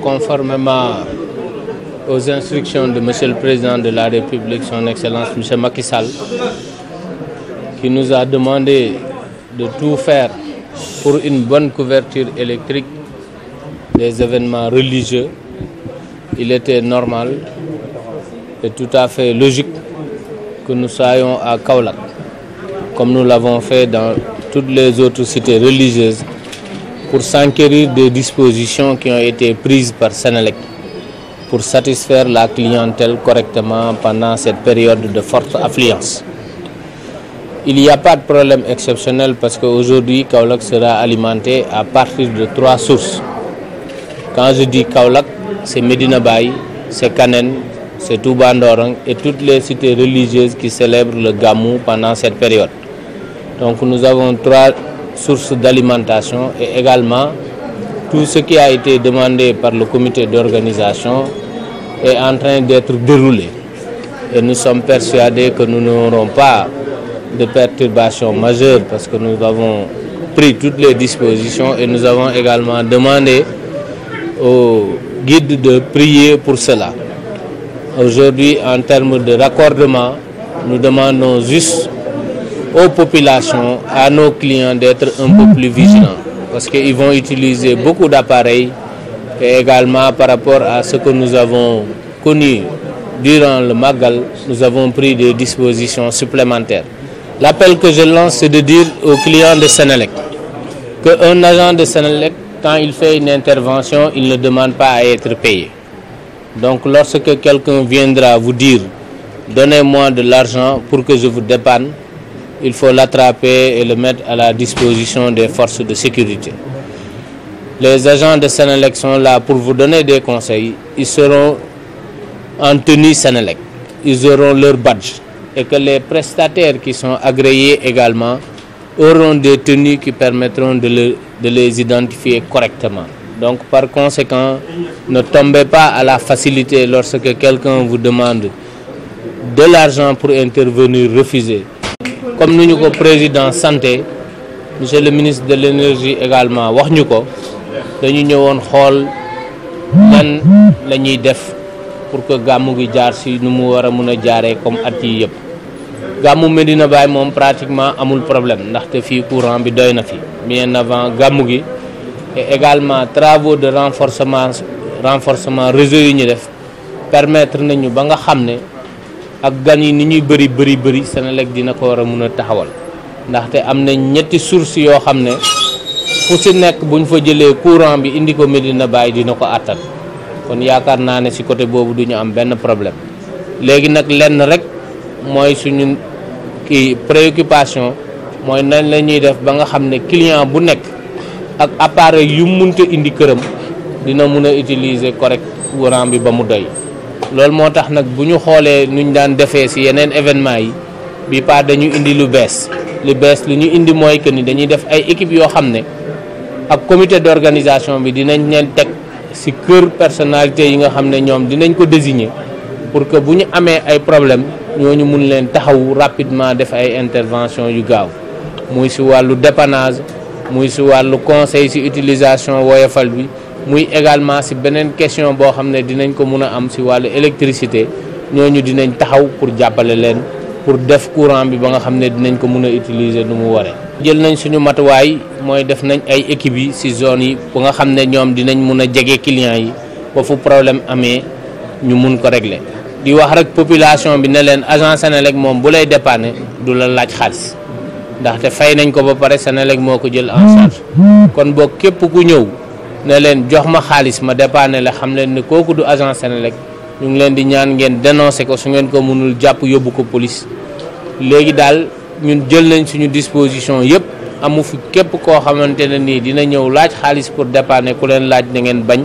Conformément aux instructions de Monsieur le Président de la République, Son Excellence Monsieur Macky Sall, qui nous a demandé de tout faire pour une bonne couverture électrique des événements religieux, il était normal et tout à fait logique que nous soyons à Kaolack, comme nous l'avons fait dans toutes les autres cités religieuses pour s'enquérir des dispositions qui ont été prises par Sénélec pour satisfaire la clientèle correctement pendant cette période de forte affluence. Il n'y a pas de problème exceptionnel parce qu'aujourd'hui, Kaolack sera alimenté à partir de trois sources. Quand je dis Kaolack, c'est Medina Baye, c'est Kanen, c'est Touba et toutes les cités religieuses qui célèbrent le Gamou pendant cette période. Donc nous avons sources d'alimentation et également tout ce qui a été demandé par le comité d'organisation est en train d'être déroulé. Et nous sommes persuadés que nous n'aurons pas de perturbations majeures parce que nous avons pris toutes les dispositions et nous avons également demandé aux guides de prier pour cela. Aujourd'hui, en termes de raccordement, nous demandons juste aux populations, à nos clients d'être un peu plus vigilants parce qu'ils vont utiliser beaucoup d'appareils et également par rapport à ce que nous avons connu durant le Magal, nous avons pris des dispositions supplémentaires. L'appel que je lance, c'est de dire aux clients de Sénélec qu'un agent de Sénélec, quand il fait une intervention, il ne demande pas à être payé. Donc lorsque quelqu'un viendra vous dire, donnez-moi de l'argent pour que je vous dépanne, il faut l'attraper et le mettre à la disposition des forces de sécurité. Les agents de Sénélec sont là pour vous donner des conseils. Ils seront en tenue Sénélec. Ils auront leur badge. Et que les prestataires qui sont agréés également auront des tenues qui permettront de, le, de les identifier correctement. Donc par conséquent, ne tombez pas à la facilité lorsque quelqu'un vous demande de l'argent pour intervenir, refusez. comme ni ñu ko président santé monsieur le ministre de l'énergie également wax ñu ko dañu ñëwoon xool lan def pour que gàmmu gi jaar si nu mu war a mun a jaaree comme at yi yëpp gàmmu Medina Baye moom pratiquement amul problème ndaxte fii courant bi doy na fi bien avant gàmmu gi et également travaux de renforcement renforcement réseau yi ñu def permettre nañu ba nga xam ne ak gan yi ni ñuy bëri bëri bëri Senelec dina ko war a mun a taxawal ndaxte am na ñetti source yoo xam ne fu si nekk buñ fa jëlee courant bi indi ko Medina bàyyi dina ko àttan kon yaakaar naa ne si côté boobu duñu am benn problème léegi nag lenn rek mooy suñu kii préoccupation mooy nañ la ñuy def ba nga xam ne client bu nekk ak appareil yu munta indi këram dina mun a utiliser correct courant bi ba mu doy loolu moo tax nag bu ñu xoolee nuñ daan defee ci yeneen événement yi bi pas dañu indi lu bees lu bees lu ñu indi mooy que ni dañuy def ay équipe yoo xam ne ak comité d'organisation bi dinañ leen teg ci kër personnalité yi nga xam ne ñoom dinañ ko désigner pour que bu ñu amee ay problème ñu mun leen taxawu rapidement def ay intervention yu gaaw muy ci wàllu dépannage muy ci wàllu conseil ci utilisation woyofal bi muy également si beneen question boo xam ne dinañ ko mun a am si wàllu électricité ñooñu dinañ taxaw pour jàppale leen pour def courant bi ba nga xam ne dinañ ko mun a utiliser nu mu waree. jël nañ suñu matuwaay mooy def nañ ay équipe yi si zone yi ba nga xam ne ñoom dinañ mun a jege clients yi ba fu problème amee ñu mun ko régler. di wax rek population bi ne leen ne Senelec moom bu lay dépanner du la laaj xaalis ndaxte fay nañ ko ba pare Senelec moo ko jël en charge képp ku ñëw. ne leen jox ma xaalis ma dépanne la xam leen ne kooku du ne Senelec ñu ngi leen di ñaan ngeen dénoncé ko su ngeen ko mënul jàpp yóbbu ko police léegi daal ñun jël nañ suñu disposition yëpp amu fi képp koo xamante ne nii dina ñëw laaj xaalis pour dépanner ku leen laaj da ngeen bañ